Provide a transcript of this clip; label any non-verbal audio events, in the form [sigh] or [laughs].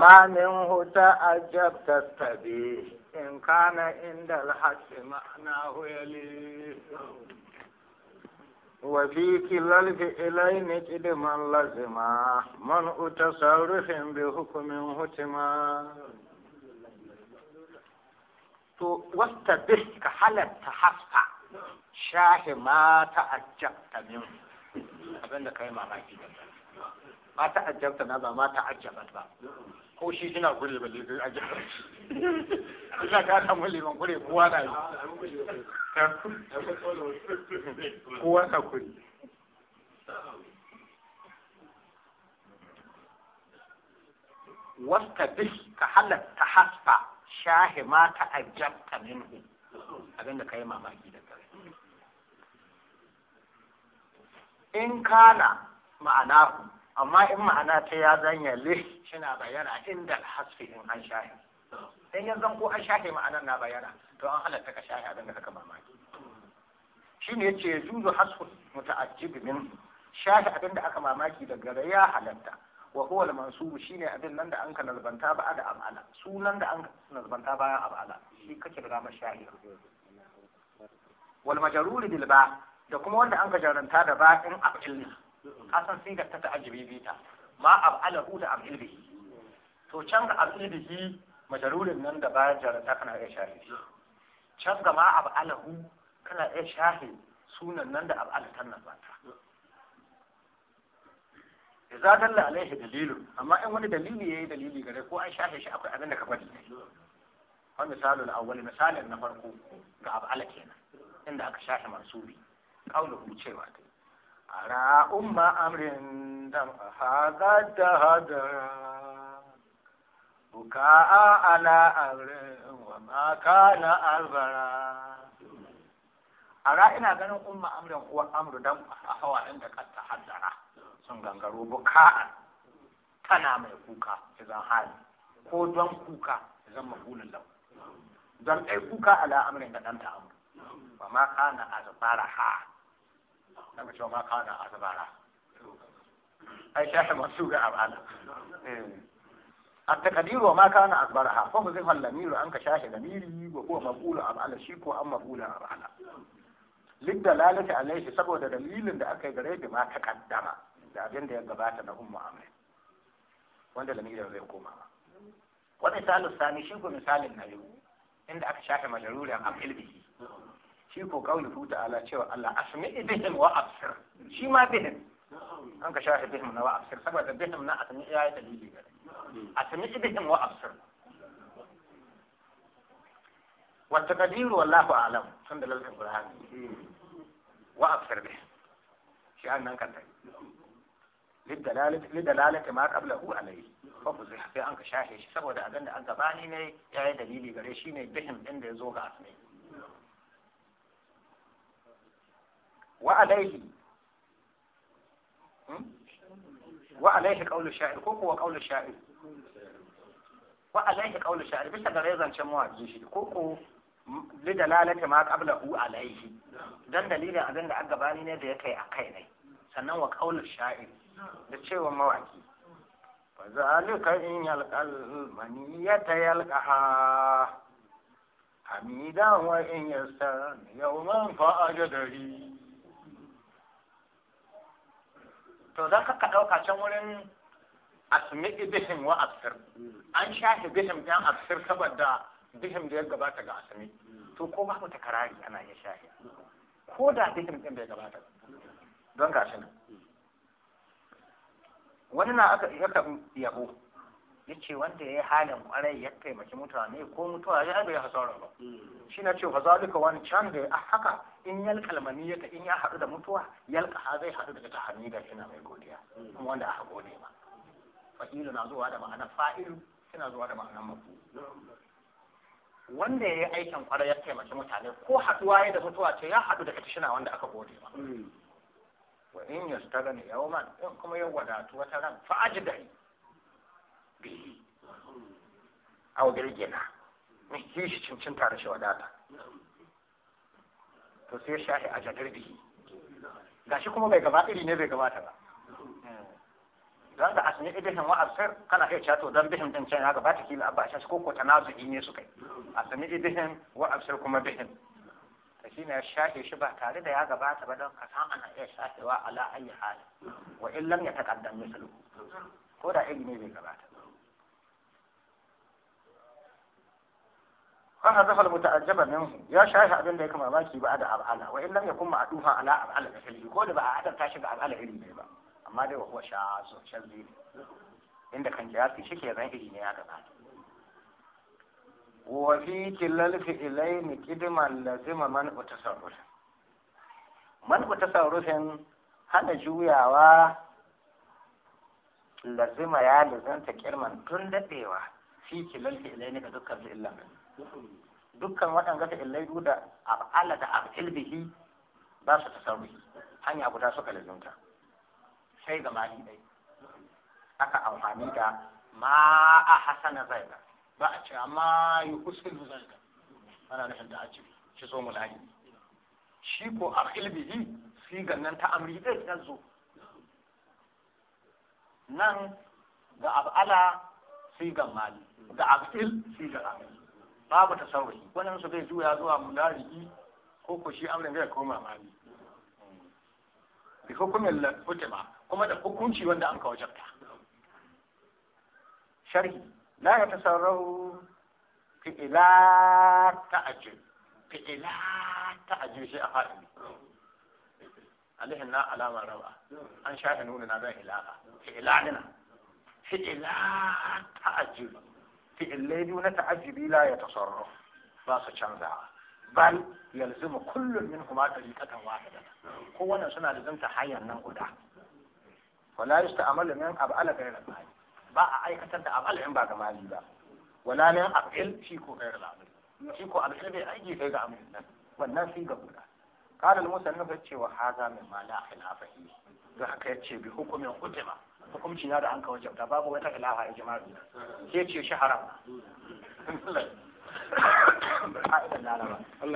ما منه تعجب تستبي إن كان عند الحق معناه يليه وفي كلا الفئلين إدما لزما من تصرف بحكم هتما واستبه كحالة تحفى شاه ما تعجبت منه abin da ما mamaki ma ta ajabta na ba ma ta ajaban ba ko shi ina gure ba ne a jihar ina ka samu liman gure kowa na yi kowa na kuri wasta bis ka halatta hasfa shahi ma ta ajabta minhu abinda ka yi mamaki da kare in kana ma'ana amma in ma'ana ta ya zanya le shina bayyana inda alhasfi in an shahi dan ya zan ko an shahi ma'anar na bayyana to an halatta ka shahi abin da kaka mamaki shine yace yajuzu hasfu muta'ajjib min shahi abin da aka mamaki daga ya halatta wa huwa al-mansubu shine abin nan da an ka nazbanta ba da amala sunan da an nazbanta bayan amala shi kake da ramar shahi wal majrur bil ba da kuma wanda an ka jaranta da ba in afil kasan sun gatta ta ajibi bita ma ab'alahu da ilbihi, to can ga ilbihi, majarurin nan da bayan jarata kana iya shahi can ga ma hu kana iya shahi sunan nan da ab'alatan nan ba ta idza dalla alaihi dalil amma in wani dalili yayi dalili gare ko an shahi shi akwai abin da ka faɗi wa misalul awwal misalin na farko ga ab'ala kenan inda aka shahi mansubi qawluhu cewa kai على أم أمر هذا الدهدر بكاء على أمر وما كان أربرا ara ina ganin umma amrin uwar amru dan hawa inda ka ta haddara sun gangaro buka tana mai kuka idan hali ko don kuka idan mafulun lau don ɗai kuka ala amrin da ɗanta amru ba ma kana zafara ha لما شو ما قال أتبارا أي شيء مسوق أبانا التقدير وما كان أكبرها فهم زي فلمير أنك شاهد لميري وهو مبولة أم على الشيك وأم مبولة أم على للدلالة عليه سبو دا دليل دا أكي غريب ما تقدم دا أبين دا يقبات نهم معامل وان دا لميري وزي حكومة ومثال الثاني شيك مثال النجو عند أكي شاهد مجرور أم حلبه shi ko qawluhu ta'ala cewa Allah asmi bihim wa absir shi ma bihim an ka shafe bihim na wa absir saboda bihim na asmi ya yi dalili gare asmi bihim wa absir wa taqdiru wallahu a'lam tunda lalal qur'an wa absir bihim shi nan kan tai lidalalati ma qablahu alayhi fa fuziha sai an ka shafe shi saboda abin da an gabani ne ya yi dalili gare shi ne bihim din da ya zo ga asmi wa alaihi hmm? wa alaihi qawlu sha'ir ko kuwa qawlu sha'ir wa alaihi qawlu sha'ir bisa ga zancen mawaki shi ko ko dalalati ma hu alaihi dan dalilin abin da gabani ne da ya kai akai ne sannan wa qawlu sha'ir da cewa mawaki fa zalika in yalqal maniyata yalqaha hamidan wa in yastan yawman fa ajadari to don ka ɗauka can wurin asmi bihim wa absir an shafe bihim dan absir saboda bihim da ya gabata ga asmi to ko babu takarari ana iya shafe ko da bihim din da ya gabata don gashi nan wani na aka yabo yace wanda ya yi halin kwarai ya taimaki mutane ko mutuwa ya bai hasara ba hmm. shi na ce fa wani can da ya haka in yalkal maniyata in ya haɗu da mutuwa yalka ha zai haɗu da ta shi na mai godiya kuma wanda aka gode ma fa'ilu na zuwa da ma'ana fa'ilu suna zuwa da ma'anar mafi wanda ya yi aikin kwarai ya taimaki mutane ko haɗuwa ya da mutuwa ce ya haɗu da katishina wanda aka gode ma hmm. wa in yastagani yawman in kuma ya wadatu wata ran fa'ajidai bihi aw bil gina shi shi cincin da shi wadata to sai shahi a jadar bihi shi kuma mai gaba iri ne bai gabata ba don da asini ibihin wa absir kana kai cato don bihin din can ya gabata kila abba shi ko ko tanazu'i ne su kai asini ibihin wa absir kuma bihin ta shi ne shahi shi ba tare da ya gabata ba don ka san ana iya shafewa ala ayi hali wa in lam ya taqaddam mislu ko da ilimi bai gabata fa hazafa muta'ajjaba minhu ya shahi abin da yake mamaki ba da al'ala wa in lam yakun ma'dufa ala al'ala da fili ko da ba a adanta shi ga al'ala irin ne ba amma dai wa huwa shazu shazi inda kan kiyasi shi ke zan iri ne ya gabata wa fi kilal fi ilaini kidman lazima man utasarruf man utasarrufin hana juyawa lazima ya lazanta kirman tun dadewa fi kilal fi'ilai ne ga dukkan fi'ilan dukkan waɗanda fi'ilai da af'ala da af'il bihi ba su sauri hanya guda suka lalunta sai ga mali dai aka amfani da ma a hasana zaiga ba a cewa ma yi usul zaiga ana nufin da aji ki so mu layi shi ko a ilbihi fi gannan ta amri dai ta zo nan ga ab'ala sigan mali ga aqil sigan mali babu tasarrufi wannan su zai juya zuwa mudariki ko ko shi amrin zai koma mali bi hukumin hukuma kuma da hukunci wanda an kawo jarta sharhi la ya tasarrafu fi ila ta'ajjul fi ila ta'ajjul shi a fa'ili alihin na alama rawa an shafe nuna na zan ilaha fi ilalina fi'ila ta'ajjubi fi'illai biyu na ta'ajjubi la ya tasarruf ba su canzawa bal yalzuma kullum min huma tariqatan wahidatan kowanne suna da zanta hanyar nan guda wala yusta'malu min ab'ala ghayr al ba a aikatar da ab'al in ba ga mali ba wala min ab'il shi ko ghayr aiki kai ga amin nan wannan sai ga guda qala al-musannif cewa haza min ma la khilafa to haka yace bi hukumin hujma hukunci na da an kawo jabta babu wata ilaha a jima'i sai ce shi haram [laughs]